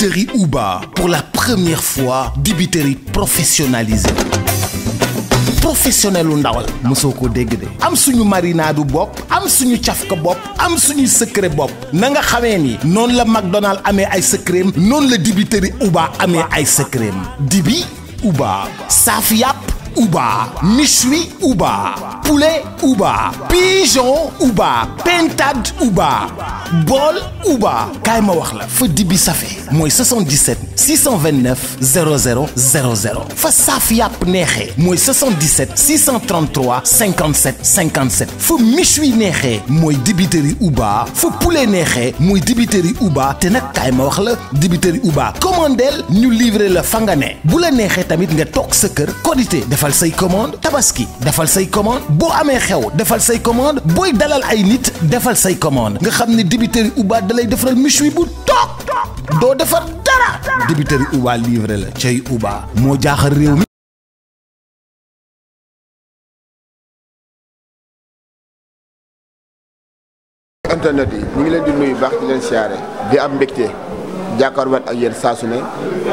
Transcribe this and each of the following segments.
dibiterie Uba pour la première fois dibiterie professionnalisée professionnel u ndawal mosoo ko dégg de am suñu marinaadu bopp am suñu cafka bopp am suñuy secret bopp na nga xamee nii noonu la McDonald amee ay secret noonu la dibiterie Uba amee ay secret dibi Uba saaf Ouba, méchoui Ouba, poulet Ouba, pigeon Ouba, pintade Ouba, bool Ouba. kaay ma wax la fa dibi safee mooy 77 629 00 00 fa saaf yàpp neexee mooy 77 633 57 57 fa méchoui neexee mooy dibiteri Ouba fa poulet neexee mooy dibiteri Ouba te nag kaay ma wax la dibiteri Ouba commandeel ñu livrer la fa nga ne bu la neexee tamit nga toog sa kër qualité defal say commande tabaski defal say commande boo amee xew defal say commande booy dalal ay nit defal say commande nga xam ne débiteri Uba dalay defaral misu bu toog doo defar dara débiteri Uba livré la cay Uba moo jaaxal réew mi internet yi ngi leen di nuyu baax di am mbégte jàkkaarloowaat ak yéen saa su ne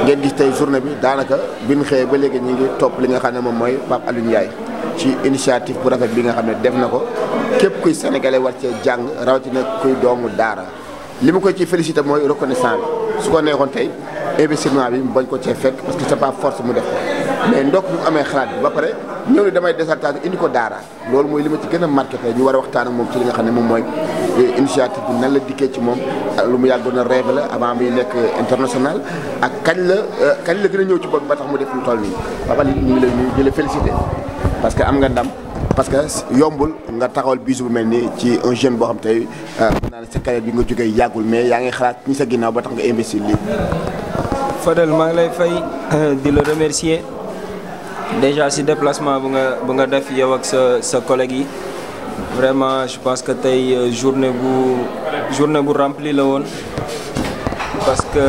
ngeen di tey journée bi daanaka bi ñu xëyee ba léegi ñu ngi topp li nga xam ne moom mooy Pape Alioune Ndiaye ci initiative bu rafet bi nga xam ne def na ko képp kuy sénégalais war cee jàng rawatina kuy doomu daara li mu koy ci félicité mooy reconnaissant bi su ko neexoon tey investissement bi mu bañ ko cee fekk parce que c'est pas force mu def mais ndokk bu amee xalaat bi ba pare ñëw ne damay désertage indi ko daara loolu mooy li ma ci gën a marqué tey ñu war a waxtaan ak moom ci li nga xam ne moom mooy initiative bi nan la dikkee ci moom lu mu yàggoon a rêve la avant muy nekk international ak euh, kañ la gën a ñëw ci bopp ba tax mu def lu toll nii mel nii ci un jeune boo xam tey euh, mën naa ne bi nga jógee yàggul mais yaa ngi xalaat sa ginnaaw ba tax nga investir lii lay fay euh, di la remercier déjà si déplacement bu nga bu nga def yow ak sa sa collègue yi vraiment je pense que tey euh, journée bu journée bu remplie la woon parce que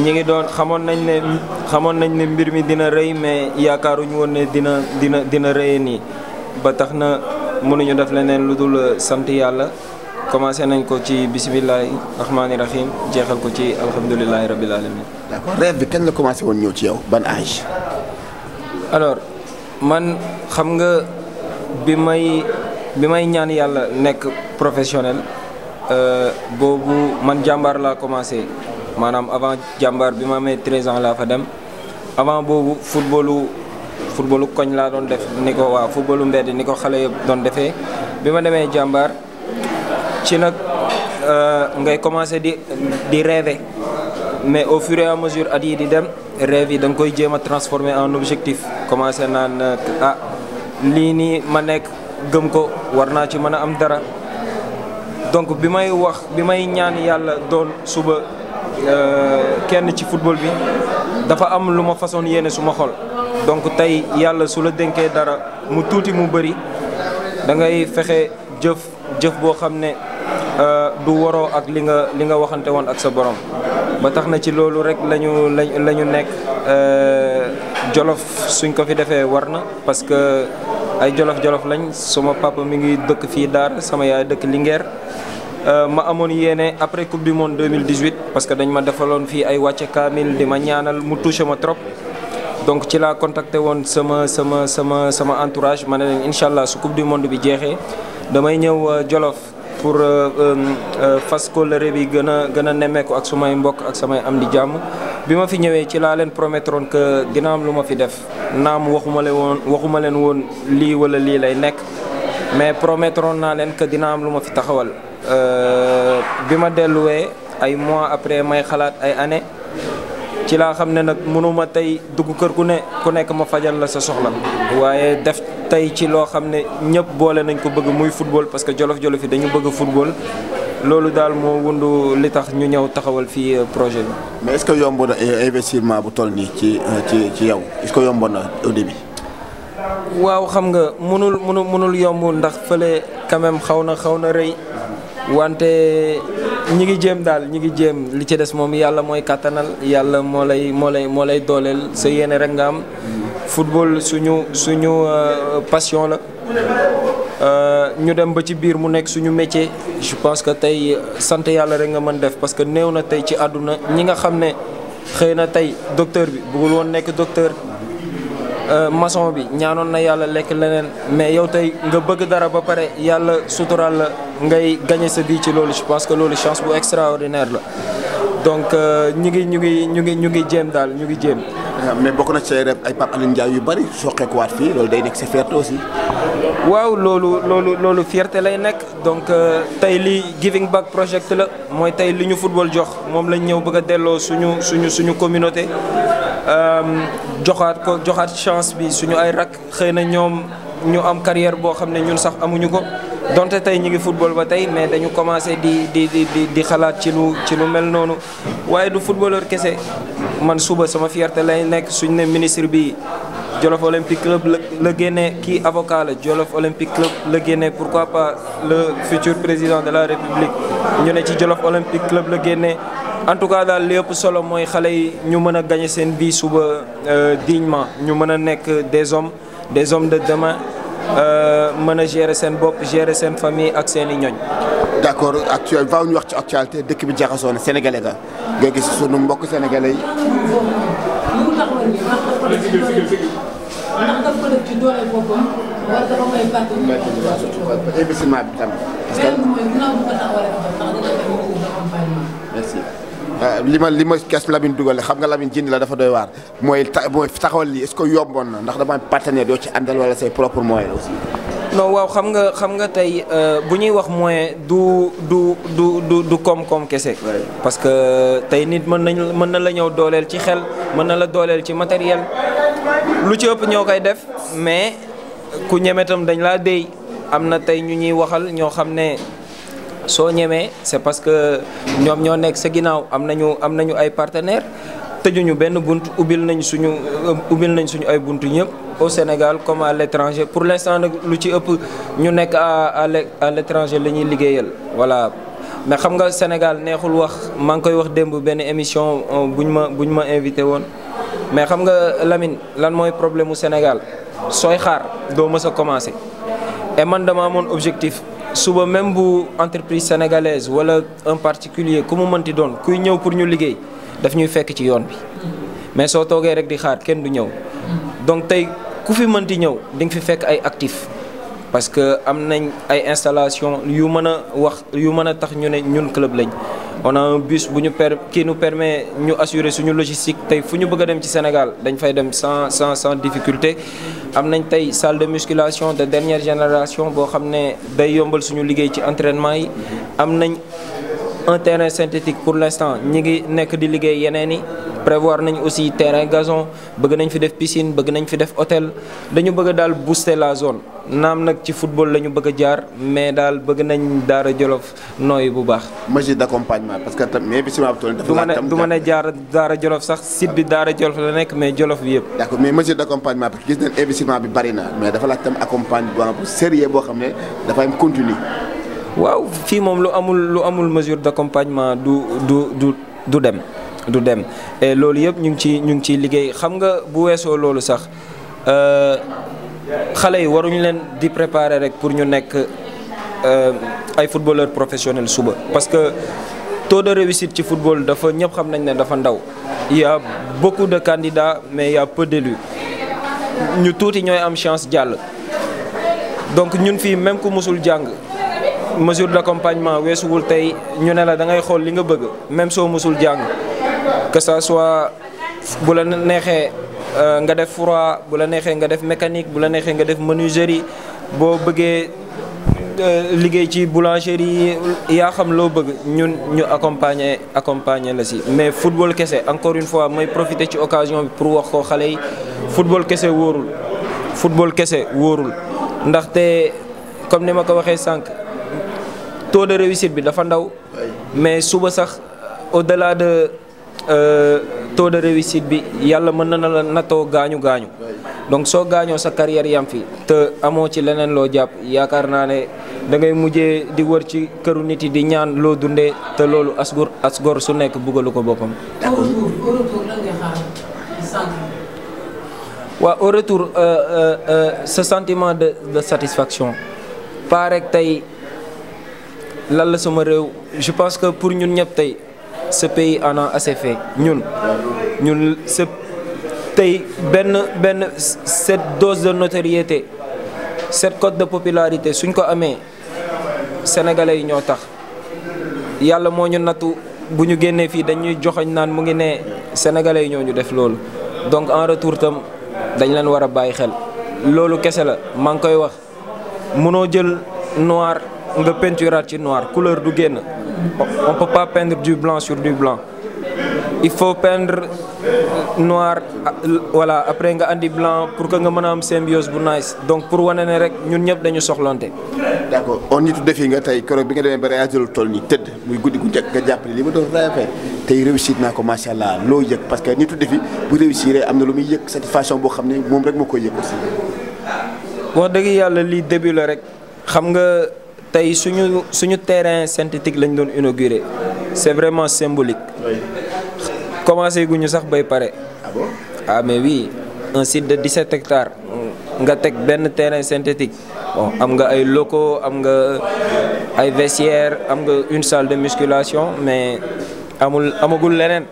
ñi ngi doon xamoon nañ ne xamoon nañ ne mbir mi dina rey mais yaakaaruñu woon ne dina dina dina rëyee nii ba tax na mënuñu def leneen lu dul euh, sant yàlla. commencé nañ ko ci bisimilahi rahmaani rahim jeexal ko ci alhamdulilahi rabil alamin d'accord rêve bi kañ la commencé woon ñëw ci yow ban âge. alors man xam nga bi may bi may ñaan yàlla nekk professionnel euh, boobu man jàmbaar laa commencé maanaam avant jàmbaar bi ma amee 13 ans laa fa dem avant boobu footballu footballu koñ laa doon def ni ko waaw footballu mbedd ni ko xale yëpp doon defee bi ma demee jàmbaar. ci nag euh, ngay commencer di di rêver mais au fur et à mesure at yi di dem rêve yi danga koy jéem a en objectif commencer naan ah lii nii ma nekk gëm ko war naa ci mën a am dara donc bi may wax bi may ñaan yàlla doon suba euh, kenn ci football bi dafa am lu ma façon yéene su ma xol donc tey yàlla su la dénkee dara mu tuuti mu bëri da fexe jëf jëf boo xam ne Euh, du waroo ak li nga li nga waxante woon ak sa borom ba tax na ci loolu rek la ñu la ñu nekk euh, jolof suñ ko fi defee war na parce que ay jolof-jolof lañ su ma papa mi ngi dëkk fii Daara sama yaay dëkk li Linguère euh, ma amoon yéene après coupe du monde 2018 parce que dañ ma defaloon fii ay wàcce kaamil di ma ñaanal mu touché ma trop donc ci laa contacté woon sama sama sama sama entourage ma ne leen incha allah su coupe du monde bi jeexee damay ñëw jolof pour euh, euh, euh, fas kóllëre bi gën a gën a nemmeeku ak sumay mbokk ak samay am di jàmm bi ma fi ñëwee ci laa leen promettroon que dina am lu ma fi def naam waxuma leen woon waxuma leen woon lii wala lii lay nekk mais promettroon naa leen que dina am lu ma fi taxawal bi ma delluwee ay mois après may xalaat ay années ci laa xam ne nag mënuma tey dugg kër ku ne ku nekk ma fajal la sa soxla waaye def tey ci loo xam ne ñëpp boole nañ ko bëgg muy football parce que jolof-jolof yi dañu bëgg football loolu daal moo wundu li tax ñu ñëw taxawal fii euh, projet bi. mais est-ce que yomb na euh, investissement bu toll nii ci euh, ci ci yow est-ce que na au début. waaw xam nga mënul mënul mënul yomb ndax fële quand xaw na xaw na rëy wante. ñi ngi jéem daal ñi ngi jéem li ci des moom yàlla mooy kàttanal yàlla moo lay moo lay moo lay dooleel sa yéene rek nga am football suñu suñu euh, passion la euh, ñu dem ba ci biir mu nekk suñu métier je pense que tey sant yàlla rek nga mën def parce que néew na tey ci àdduna ñi nga xam ne xëy na tey docteur bi bëggul woon nekk docteur Euh, mason bi ñaanoon na yàlla lekk leneen mais yow tey nga bëgg dara ba pare yàlla suturaal la ngay gagné sa vie ci loolu je pense que loolu chance bu extraordinaire la donc euh, ñu ngi ñu ngi ñu ngi ñu ngi jéem daal ñu ngi jéem. mais bokk na ci ay Pape Alioune jaay yu bëri soqeekuwaat fii loolu day nekk si fierté aussi. waaw loolu loolu loolu fierté lay nekk donc euh, tey lii giving back project la mooy tey li ñu football jox moom lañ ñëw bëgg a delloo suñu suñu suñu communauté. Euh, joxaat ko joxaat chance bi suñu ay rak xëy na ñoom ñu am carrière boo xam ne ñun sax amuñu ko donte tey ñu ngi football ba tey mais dañu commencé di di di di xalaat ci lu ci lu mel noonu waaye du footballeur kese man suba sama fierté lay nekk suñ ne ministre bi Jolof Olympique Club la la génnee kii avocat la Jolof Olympique Club la génnee pourquoi pas le futur président de la République ñu ne ci Jolof Olympique Club la génnee. en tout cas daal li ëpp solo mooy xale yi ñu mën a gagné seen vie suba euh, dignement ñu mën a nekk des hommes des hommes de demain euh, mën a gere seen bopp gérer seen famille ak seen i ñoñ. d' accord actuel ñu wax ci actualité dëkk bi jaxasoo na sénégalais ga nga gis sunu mbokk sénégalais yi. ndax Euh, li ma li ma kees Lamine dugale xam nga Lamine jindi la dafa doy waar mooy ta mooy taxawal lii est-ce yomboon na ndax dama am partenaire yoo ci àndal wala say propre moyen aussi. non waaw xam nga xam nga tey euh, bu ñuy wax moyen du du du du du koom-koom kese. parce que tey nit mën nañ mën na la ñëw dooleel ci xel mën na la dooleel ci matériel lu ci ëpp ñoo koy def mais ku ñeme dañ laa déy am na tey ñu ñuy waxal ñoo xam ne. soo ñemee c'est parce que ñoom ñoo nekk sa ginnaaw am nañu am nañu ay partenaires tëjuñu benn bunt ubbil nañ suñu euh, ubbil nañ suñu ay bunt ñëpp au Sénégal comme à l'étranger pour l'instant nag lu ci ëpp ñu nekk à à l'étranger la ñuy liggéeyal voilà mais xam nga Sénégal neexul wax maa ngi koy wax démb benn émission euh, buñ ma buñ ma invité woon mais xam nga Lamine lan mooy problème mu Sénégal sooy xaar doo mës a commencer et man dama amoon objectif suba même bu entreprise sénégalaise wala en particulier ku mu mënti doon kuy ñëw pour ñu liggéey daf ñuy fekk ci yoon bi mais soo toogee rek di xaar kenn du ñëw donc tey ku fi mënti ñëw di nga fi fekk ay actifs parce que am nañ ay installation yu mën a wax yu mën a tax ñu ne ñun club lañ on a bus bu ñu per qui nous permet ñu assurer suñu logistique tey fu ñu bëgg a dem ci Sénégal dañ fay dem sans sans sans difficulté am nañ tey salle de musculation de dernière génération boo xam ne day yombal suñu liggéey ci entraînement yi am nañ un terrain synthétique pour l'instant ñi ngi nekk di liggéey yeneen yi prévoir nañ aussi terrain gazon bëgg nañ fi def piscine bëgg nañ fi def otel dañu bëgg daal booster la zone naam nag ci football la ñu bëgg jaar mais daal bëgg nañ Daara Jolof nooy bu baax. mesure d'accompagnement parce que tam mais bisimilah. dafa laaj tam du ne jaar Daara Jolof sax site bi Daara Jolof la nekk mais Jolof bi yëpp. d'accord mais mesure d'accompagnement parce que gis nañ bi barina na mais dafa laaj tam accompagnement bu sérieux boo xam ne dafa am continu. waaw fii moom lu amul lu amul mesure d'accompagnement du du du du dem du dem et loolu yëpp ñu ngi ci ñu ngi ciy liggéey xam nga bu weesoo loolu sax euh, xale yi waruñu leen di préparer rek pour ñu nekk euh, ay footballeur professionnel suba parce que taux de réussite ci football dafa ñëpp xam nañ ne dafa ndaw il y a beaucoup de candidats mais il y a peu ñu tuuti ñooy am chance jàll donc ñun fii même ku mosul jàng mesure d'accompagnement weesuwul tey ñu ne la da xool li nga bëgg même soo musul jàng que sa soit bu la neexee euh, nga def froid bu la neexee nga def mécanique bu la neexee nga def menuiserie boo bëggee euh, liggéey ci boulangerie yi yaa xam loo bëgg ñun ñu accompagner accompagner la si mais football kese encore une fois mooy profiter ci occasion bi pour wax ko xale yi football kese wóorul football kese wóorul ndaxte comme ni ma ko waxee sànq taux de réussite bi dafa ndaw mais suba sax euh, au delà de euh, taux de réussite bi yàlla mën na la nattoo gaañu gaañu donc soo gaañoo sa carrière yam fi te amoo ci leneen loo jàpp yaakaar naa ne da ngay mujjee di wër ci këru nit yi di ñaan loo dundee te loolu asgor asgor su nekk buggalu ko boppam. waaw au retour euh, ce sentiment de de satisfaction pas tey. lan la sama réew je pense que pour ñun ñëpp tey ce pays en a assez fait ñun ñun ce tey benn benn set dose de notoriété set cote de popularité suñ ko amee sénégalais yi ñoo tax yàlla moo ñu nattu bu ñu génnee fii dañuy joxoñ naan mu ngi ne sénégalais yi ñoo ñu def loolu donc en retour tam dañ leen war a bàyyi xel loolu kese la maa ngi koy wax mënoo jël noir nga peinturaat ci noir couleur du génn on peut pas pendre du blanc sur du blanc il faut peindre noir voilà après nga andi blanc pour que nga mën a am symbiose bu nice donc pour wane ne rek ñun ñëpp dañu soxlante. d'accord on nitu defi nga tey keroog bi nga demee ba réaliser lu toll nii tëdd muy guddi gu njëkk nga jàpp li ma doon rêvé tey réussir naa ko macha allah loo yëg parce que nitu defi bu réussir am na lu muy yëg satisfaction boo xam ne moom rek moo koy yëg wax dëgg yàlla lii début la rek xam nga. tey suñu suñu terrain synthétique lañ doon inauguré c'est vraiment symbolique commencé ñu sax bay pare ah, ah mais oui un site de 17 hectares nga teg benn terrain synthétique am nga ay locaux am nga ay vestiaires am nga une salle de musculation mais amul amagul leneen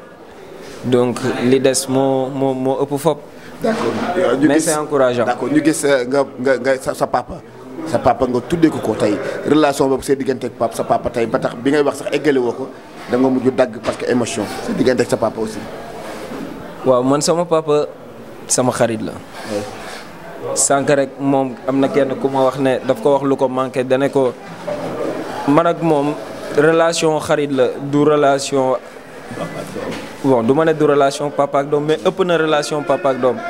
donc li des moo moo moo ëpp fop d'accord euh, mais c'est encourageant gis euh, nga nga sa papa sa papa nga tuddee ko ko tey relation boobu see diggante ak sa papa tey ba tax bi ngay wax sax eggale woo ko da nga mujj dagg parce que émotion sa diggante ak sa papa aussi. waaw man sama papa sama xarit la. sànq rek moom am na kenn ku ma wax ne daf ko wax lu ko manqué dane ko man ak moom relation xarit la du relation bon du ma ne du relation papa doom mais ëpp na relation papa doom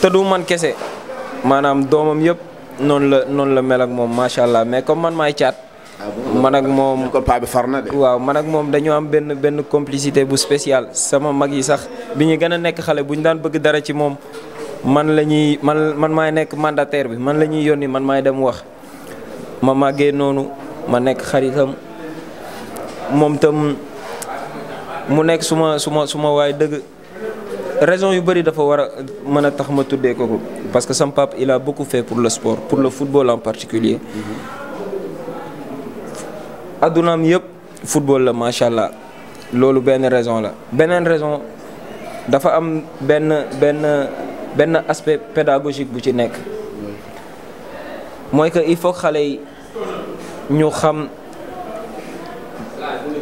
te du man kese maanaam doomam yëpp noonu la noonu la mel ak moom macha allah mais comme man maay caat. Ah man ak moom ko paa bi far na waaw man ak moom dañoo am benn benn complicité bu spécial sama mag yi sax bi ñu gën a nekk xale bu ñu daan bëgg dara ci moom man la ñuy man man maay nekk mandateer bi man la ñuy yónni man maay dem wax ma màggee noonu ma nekk xaritam moom tam mu nekk suma suma suma waay dëgg. raison yu bëri dafa war a mën a tax ma tuddee ko ko parce que sam pap il a beaucoup pour le sport pour le football en particulier addunaam yëpp football la macha allah loolu benn raison la beneen raison dafa am benn benn benn aspect pédagogique bu ci nekk mooy que il faut xale yi ñu xam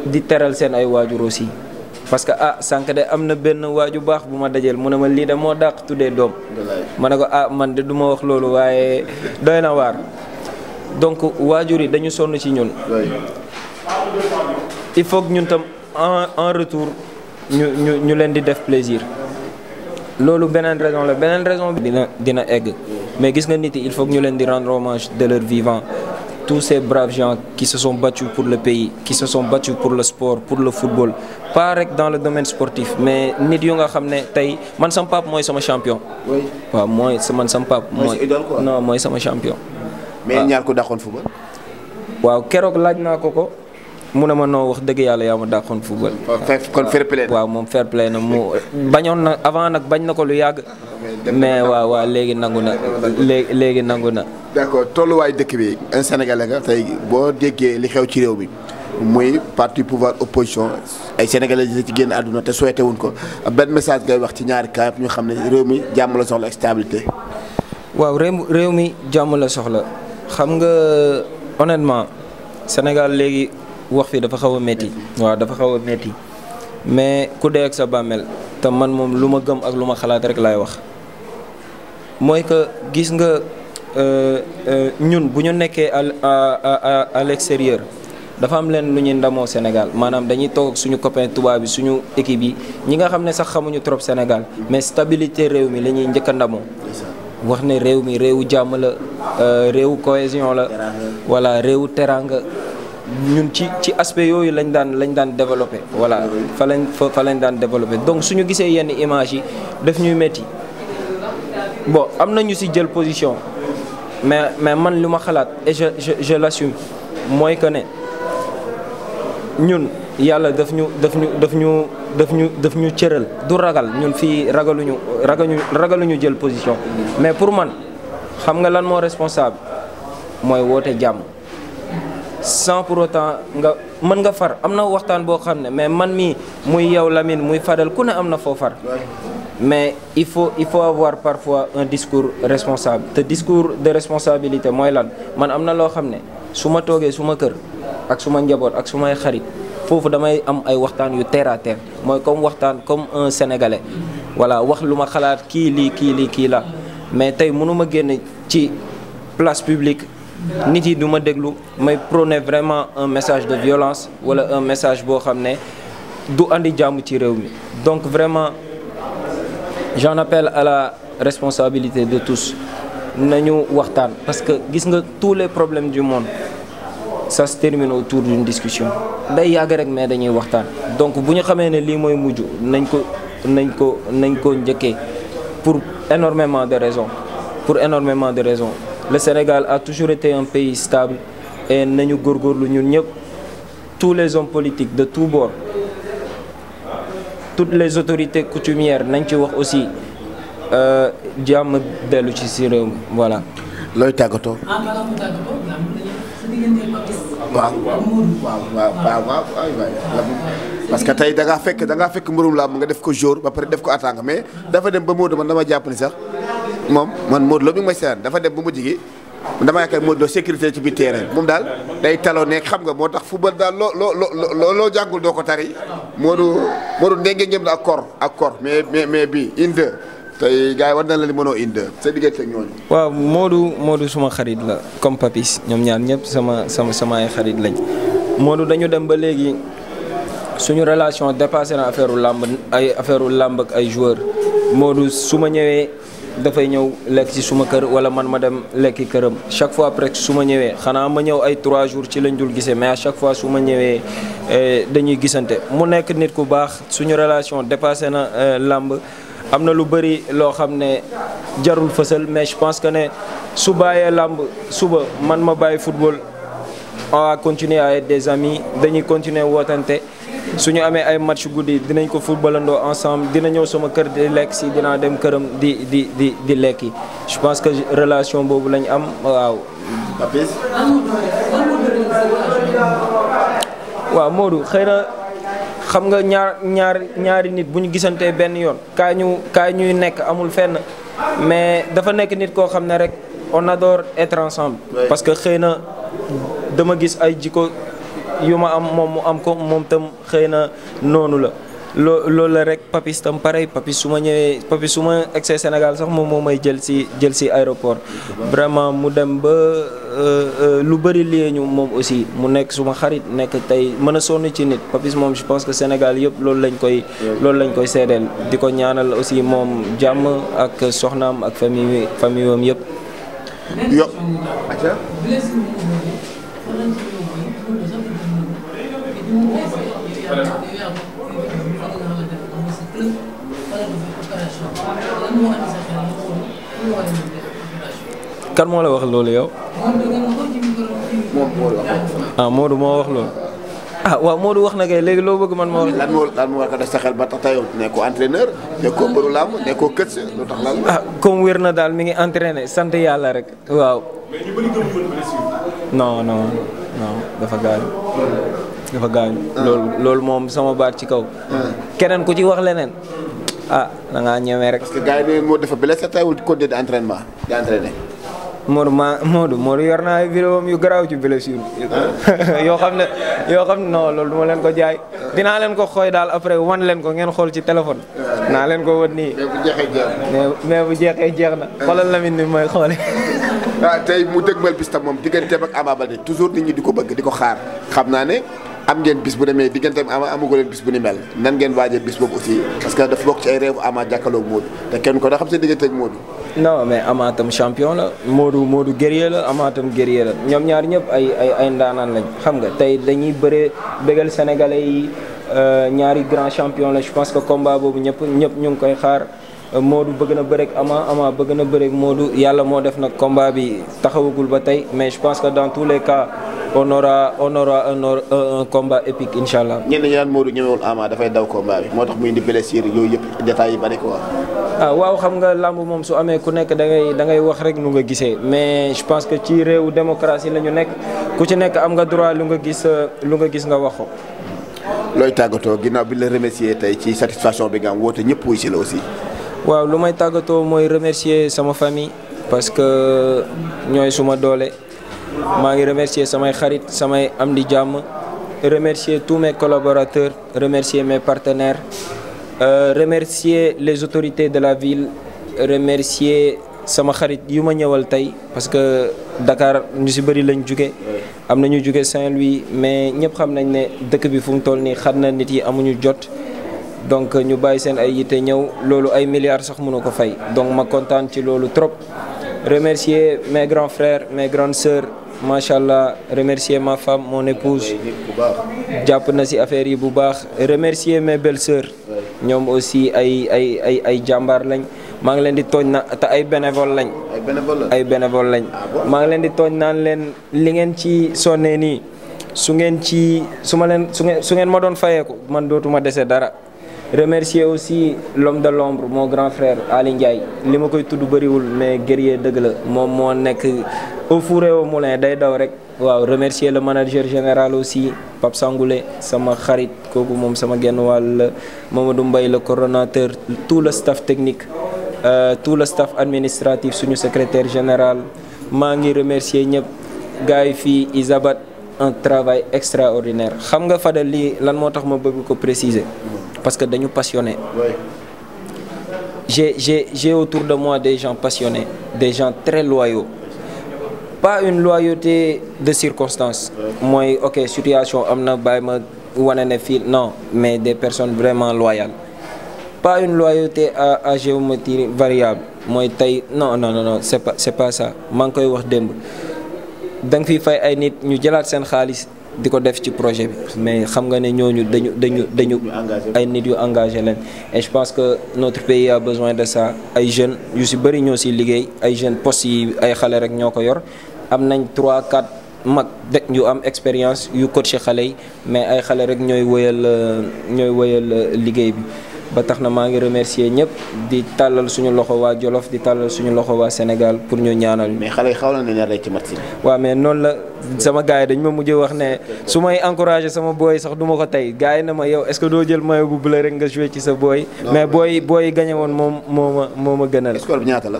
di teral seen ay waajur aussi parce que ah sànq de am na benn waaju baax bu ma dajeel mu ne ma lii de moo dàq tuddee doom ma ne ko ah man de du ma wax loolu waaye doy na waar donc waajur yi dañu sonn ci ñun il faut ñun tam en retour ñu ñu ñu leen di def plaisir loolu beneen raison la beneen raison bi dina dina egg mais gis nga nit yi il faut ñu leen di rendre hommage de leur vivant tous ces braves gens qui se sont battus pour le pays qui se sont battus pour le sport pour le football pas rek dans le domaine sportif mais nit yu nga xam ne tey man sama pap mooy sama champion. oui waaw mooy man sama pap. mooy non mooy sama champion. mais ñaar ko dàqoon laaj naa ko mu ne ma noo wax dëgg yàlla yaa ma dàqoon football. Oh, kon fair play waaw moom fair play na mu bañoon na avant nag bañ na ko lu yàgg. mais waaw waaw léegi nangu na léegi léegi nangu na. d'accord tolluwaay dëkk bi un sénégalais nga tey boo déggee li xew ci réew mi muy parti pouvoir opposition ay sénégalais di ci génn àdduna te souhaité wuñ ko benn message ngay wax ci ñaari cas ñu xam ne réew mi jàmm la soxla ak stabilité. waaw réew mi jàmm la soxla xam nga honnêtement Sénégal wax fi dafa xaw a métti waaw dafa xaw a métti mais ku dee ak sa bàmmeel te man moom lu ma gëm ak lu ma xalaat rek lay wax mooy que gis nga euh, euh, ñun bu ñu nekkee à à l'extérieur dafa am leen lu ñuy ndamoo Sénégal maanaam dañuy toog suñu copain tubaab bi suñu équipe yi ñi nga xam ne sax xamuñu trop Sénégal mais stabilité réew mi la ñuy njëkk a ndamoo wax ne réew mi réewu jàmm la euh, réewu cohésion la voilà réewu teranga ñun ci ci aspect yooyu lañ daan lañ daan développé voilà fa lañ fa lañ daan développé donc suñu gisee yenn image yi daf ñuy métti bon am na ñu si jël position mais mais man li ma xalaat et je mooy que ne ñun yàlla daf ñu daf ñu daf ñu daf ñu daf ñu cëral du ragal ñun fii ragaluñu ragaluñu ragaluñu jël position mais pour man xam nga lan moo responsable mooy woote jàmm sans pour autant nga mën nga far am na waxtaan boo xam ne mais man mii muy yow Lamine muy Fadel ku ne am na foo far mais il faut il faut avoir parfois un discours responsable te discours de responsabilité mooy lan man am na loo xam ne su ma toogee su ma kër ak su ma njaboot ak su may xarit foofu damay am ay waxtaan yu terre à mooy comme waxtaan comme un sénégalais voilà wax lu ma xalaat kii lii kii lii kii la mais tey mënuma génn ci place publique nit yi du ma déglu may prôner vraiment un message de violence wala un message boo xam ne du indi jàmm ci réew mi donc vraiment j'en appelle à la responsabilité de tous nañu waxtaan parce que gis nga tous les problèmes du monde sa se termine autour d'une discussion day yàgg rek mais dañuy waxtaan donc bu ñu xamee ne lii mooy mujj nañ ko nañ ko nañ ko njëkkee pour énormément de raisons pour énormément de raisons le Sénégal a toujours été un pays stable et nañu góorgóorlu ñun ñëpp tous les hommes politiques de tous bords toutes les autorités coutumières nañ ci wax aussi euh, jàmm dellu ci si réew voilà. looy tàggatoo. Ah, waaw waaw waaw waaw waaw parce que tey da ngaa fekk da ngaa fekk mburum làmb nga def ko jour ba pare def ko atanga mais dafa dem ba Modou man dama jàpp ni sax. moom man Modou Lo mi ngi may dafa dem bu mujj gi dama yaakaar Modou Lo sécurité ci biir terrain moom daal day taloo nekk xam nga moo tax football daal loo loo loo loo jàngul doo ko tari Modou Modou ndenge ngem la ak kor ak kor mais mais mais bii une deux tey gars yi war na la li mënoo une sa diggante ak ñooñu. waaw Modou Modou suma xarit la comme Papis ñoom ñaar ñëpp sama sama sama ay xarit lañ Modou dañu dem ba léegi suñu relation dépassé na affaire làmb ay affaire làmb ay joueurs dafay ñëw lekk ci suma kër wala man ma dem lekki këram chaque fois presque su ma ñëwee xanaa ma ñëw ay trois jours ci lañ dul gisee mais à chaque fois su ñëwee eh, dañuy gisante mu nekk nit ku baax suñu relation dépassé na eh, làmb am na lu bëri loo xam ne jarul fësal mais je pense que ne su bàyyee làmb suba man ma bàyyi football on va continuer des amis dañuy continuer wootante su ñu amee ay match guddi dinañ ko footballandoo ensemble dina ñëw sama kër di lekk si dinaa dem këram di di di di lekki je pense que relation boobu lañu am waaw. waaw Modou xëy na xam nga ñaar ñaar ñaari nit bu ñu gisantee benn yoon kaa ñu kaa ñuy nekk amul fenn mais dafa nekk nit koo xam ne rek on adore être ensemble. parce que xëy na dama gis ay jikko. yu ma am moom mu am ko moom tam xëy na noonu la loo loolu la rek papis tam pareil papis su ma ñëwee papis su ma egsee Sénégal sax moom moo may jël si jël si aéroport vraiment mu dem ba euh, euh, lu bëri lié ñu moom aussi mu nekk suma xarit nekk tey mën a sonn ci nit papis moom je pense que Sénégal yëpp loolu lañ koy loolu lañ koy seedeel di ko ñaanal aussi moom jàmm ak soxnaam ak famille famille am yëpp kan moo la wax loolu yow. ah Modou moo wax loolu. ah waaw Modou wax na kay léegi loo bëgg man moo. lan moo lan moo war a def sa xel ba tax tayoo nekkoo entraîneur nekkoo mbëru làmb nekkoo kët si lu tax lan. ah comme wér na daal mi ngi entraîné sant yàlla rek waaw. mais ñu bëri dafa gaañ. dafa gaañ. loolu loolu moom sama baat ci kaw. keneen ku ci wax leneen. ah da ngaa ñemee rek. parce que gars yi moo dafa blessé tawul continuer d'entraînement di entraîner. Modou ma moo Modou yor na ay vidéo yu garaaw ci blessure yoo xam ne yoo xam ne non loolu du ma leen ko jaay dinaa leen ko xooy daal après wan leen ko ngeen xool ci téléphone naa leen ko wan nii mais bu jeexee jeex na xoolal Lamine ni mooy xoole ah tey mu dëgmal bis tam moom digganteem ak Ama Baldé toujours nit ñi di ko bëgg di ko xaar xam naa ne am ngeen bis bu demee diggante am amagu leen bis bu ni mel nan ngeen waajee bis boobu aussi parce que dafa bokk ci ay réewu Ama jàkkaarloog Modou te kenn ko da xam seen diggante ak Modou. mais Ama tam champion la Modou Modou guerrier la Ama tam guerrier la ñoom ñaar ñëpp ay ay ay ndaanaan lañ xam nga tey dañuy bëree bégal sénégalais yi euh, ñaari grand champion la je pense que combat boobu ñëpp ñëpp ñu ngi koy xaar. Euh, Modou bëgg na bëreeg Ama Ama bëgg na bëreeg moodu yàlla moo def nag combat bi taxawagul on aura on aura un un combat épique incha allah. ñenn ñaan daan Modou ñemewul Ama dafay daw combat bi moo tax muy indi blessure yooyu yëpp détails yi bari ko wax. Ah, waaw xam nga làmb moom su amee ku nekk da ngay da ngay wax rek nu nga gisee mais je pense que ci réewu démocratie la ñu nekk ku ci nekk am nga droit lu nga gis lu nga gis nga wax ko. looy tàggatoo ginnaaw bi la remercier tey ci satisfaction bi nga am woote ñëpp wuy si la aussi. waaw lu may tàggatoo mooy remercier sama famille parce que ñooy suma doole. maa ngi remercier samay xarit samay am di jàmm remercier tous mes collaborateurs remercier mes partenaires euh, remercier les autorités de la ville remercier sama xarit yu ma ñëwal tey parce que Dakar ñu ci bëri lañ jóge am na ñu jóge Saint-Louis mais ñëpp xam nañ ne dëkk bi fu mu toll nii xam na nit yi amuñu jot donc ñu bàyyi seen ay yitte ñëw loolu ay milliards sax mënu ko fay donc ma kontaan ci loolu trop remercier mes grands sœurs macha allah remercier ma femme moo mon épouse jàpp na si affaire yi bu baax remercier mes belles sœurs ñoom aussi ay ay ay ay jàmbaar lañ maa ngi leen di tooñ na te ay bénévole lañ ay bénévole lañ ah maa ngi leen di tooñ naan leen li ngeen ci sonnee nii su ngeen ci su ma leen su su ngeen ma doon fayeeku man dootuma dese dara remercier aussi l'homme de l'ombre mon grand frère Ali li ma koy tudd bëriwul mais guerrier dëgg la moom moo nekk au four et au moulin day daw rek waaw remercier le manager général aussi Pape Sangoulé sama xarit kooku moom sama genn wàll la Mamadou mbay la coordonnateur tout le staff technique euh, tout le staff administratif suñu secretaire général maa ngi remercier ñëpp gars yi fii Isabat un travail extraordinaire xam nga Fadel lii lan moo tax ma bëgg ko préciser parce que dañu passionné. Oui. j'ai j'ai autour de moi des gens passionnés des gens très loyaux pas une loyauté de circonstance mooy ok situation am na bàyyi ma wane ne fii non mais des personnes vraiment loyales pas une loyauté à à géométrie variable mooy tey no no non non c'est pas c'est pas ça maa ngi koy wax démb da nga fay ay nit ñu jëlaat seen xaalis. di ko def ci projet bi mais xam nga ne ñooñu dañu dañu dañu ay nit yu engagé leen et je pense que notre pays a besoin de ça ay jeunes yu si bëri ñoo siy liggéey ay jeunes postes yi ay xale rek ñoo ko yor am nañ trois 4 mag de yu am expérience yu coaché xale yi mais ay xale rek ñooy woyal euh, ñooy wëyal euh, liggéey bi ba tax na maa ngi remercier ñëpp di tàllal suñu loxo waa Jolof di tàllal suñu loxo waa Sénégal pour ñu ñaanal. mais xale yi xaw na ne rek ci match bi. waaw mais noonu la sama gars yi dañ ma mujjee wax ne su may encouragé sama booy sax duma ko tey gars yi na ma yow est-ce que doo jël maillot bu bleu rek nga joué ci sa booy. mais booy booy gañe moom moo ma moo ma gënal. score bi ñaata la.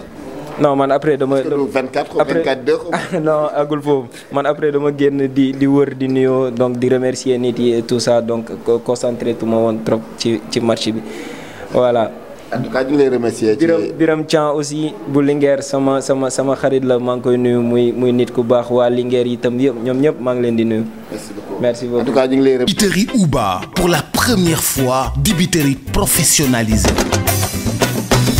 non man après dama. 24 ou 24 2 non agul foofu man après dama génn di di wër di nuyoo donc di remercier nit yi tout ça donc concentré tu ma woon trop ci ci match bi voilà. en remercier. Biram Biram Thiam aussi bu Linguère sama sama sama xarit la maa ngi koy nuyu muy muy nit ku baax waa Linguère itam yëpp ñoom ñëpp maa ngi leen di nuyu. merci ñu ngi lay. dibitëri Uba pour la première fois dibitëri professionnalisé.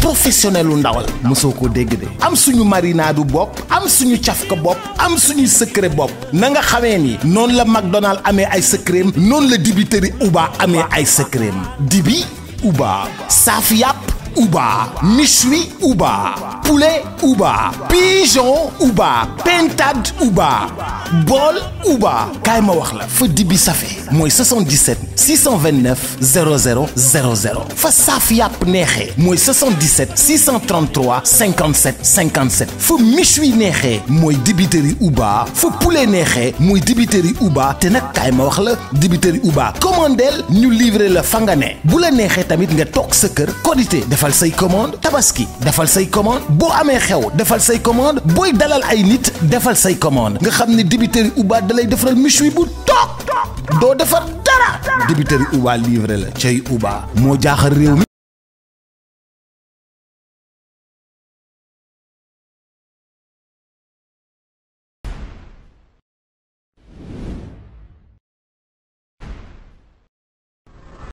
professionnel lu ndawal mosoo ko dégg de am suñu marinaadu bopp am suñu cafka bopp am suñuy secret bopp na nga xamee ni noonu la McDonald amee ay secret noonu la dibiteri Uba amee ay secret dibi Uba saaf yàpp Ouba, méchoui Ouba, poulet Ouba, pigeon Ouba, pintade Ouba, bool Ouba. kaay ma wax la fa dibi safee mooy 77 629 00 00 fa saaf yàpp neexee mooy 77 633 57 57 fa méchoui neexee mooy dibiteri Ouba fa poulet neexee mooy dibiteri Ouba te nag kaay ma wax la dibiteri Ouba commandeel ñu livrer la fa nga ne bu la neexee tamit nga toog sa kër qualité defal say commande tabaski defal say commande boo amee xew defal say commande booy dalal ay nit defal say commande nga xam ne débiteri Uba dalay defaral méchoui bu toog doo defar dara débiteri Uba livré la cay Uba moo jaaxal réew mi